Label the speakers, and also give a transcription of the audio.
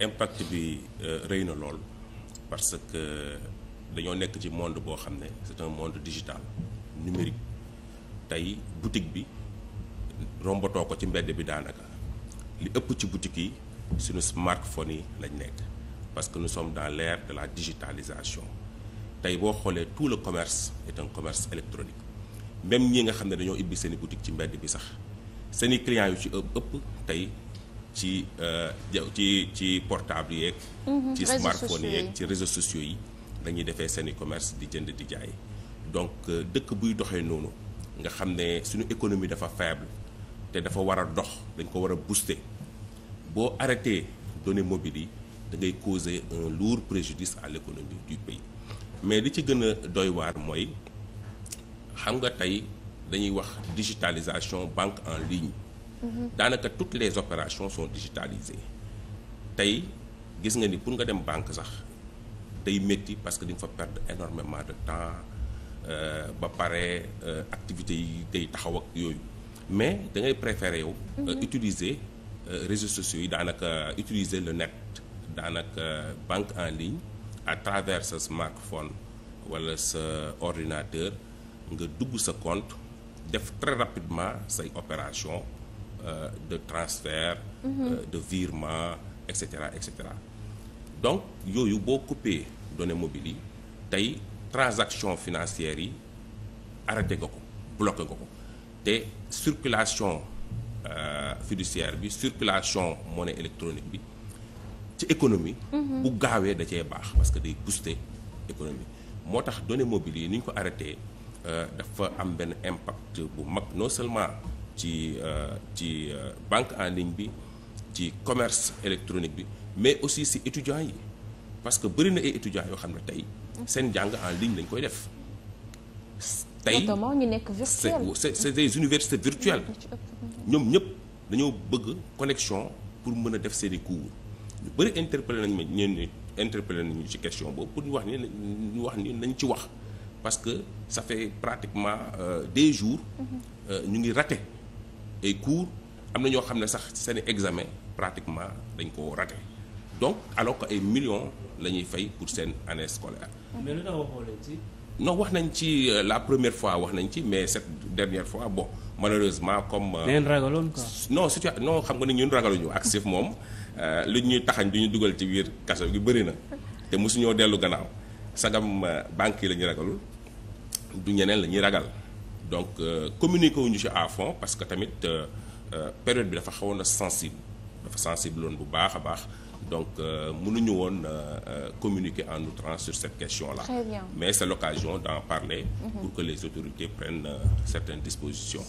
Speaker 1: impact bi euh, rëy na lool parce que dañoo nekk ci monde boo xam ne c'est un monde digital numérique tey boutique bi rombatoo ko ci mbedd bi daanaka li ëpp ci boutique yi suñu smartphone yi lañ nekk parce que nu sommes dans leer de la digitalisation tey boo xoolee tout le commerce est un commerce électronique même ñi nga xam ne dañoo ibbi seen i boutique ci mbedd bi sax seen i clients yu ci ëpp tey ci euh, ci ci portable yeeg. Mhm, ci smartphone yeeg ci réseaux sociaux yi. dañuy defee seen i commerce di jënd di jaay donc euh, dëkk buy doxee noonu nga xam ne suñu économie dafa faible te dafa war a dox dañ ko war a booster boo arrêté données mobiles yi da ngay causer un lourd préjudice à l'économie du pays mais li ci gën a doy waar mooy xam nga tey dañuy wax digitalisation banque en ligne. daanaka toutes les opérations sont digitalisées tey gis nga ni pour nga dem banque sax day métti parce que di nga fa perdre énormément de temps euh, ba pare euh, activités yi day taxaw ak yooyu mais da ngay préférer yow. Euh, mhm. utiliser réseaux sociaux yi daanaka utiliser le net daanaka banque en ligne à travers sa smartphone wala sa ordinateur nga dugg sa compte def très rapidement say opération euh, de transfert mhm. euh, de virement et cetera et cetera donc yooyu boo coupé données mobiles yi tey transaction financières yi arrêté nga ko bloqué nga ko te circulation euh, fiduciaire bi circulation monnaie électronique bi ci économie mhm. bu gaawee da cee baax parce que day booster économie moo tax données mobiles yi ni ñu ko arrêté euh, dafa am benn impact bu mag non seulement ci euh, ci euh, banque en ligne bi ci commerce électronique bi mais aussi si étudiants yi parce que bëri na ay étudiants yoo xam ne tey seen jàng en ligne lañ koy def tey notamment ñu nekk virtuel c'est c'est des universités virtuelles mmh. ñoom ñëpp dañoo bëgg connexion pour mën a def seeni i cours ñu bëri interpellé nañ ma ñeen ni interpellé nañu ci question boobu pour ñu wax ni ñu wax ni nañ ci wax parce que ça fait pratiquement euh, des jours mmh. euh, ñu ngi ratte ay cours am na ñoo xam ne sax seen examen pratiquement dañ koo raté donc alors que ay millions la ñuy fay pour seen année scolaire. mais lu tax waxoo leen wax nañ ci euh, la première fois wax nañ ci mais cette dernière fois bo malheureusement comme. da euh, ragaloon quoi. non situation non xam nga ni ñun ragaluñu ak sif moom euh, lu ñuy taxañ du ñu dugal ci wiir kaso gi bëri na te mosuñoo dellu gannaaw sagam banque yi la ñuy ragalul du ñeneen la ñuy ragal. donc euh, communiqué wuñu ci à fond parce que tamit euh, euh, période bi dafa xawoon a sensible dafa sensible woon bu baax a baax donc mënuñu woon communiquer en outrance sur cette question-là mais c'est l'occasion d'en parler mm -hmm. pour que les autorités prennent certaines dispositions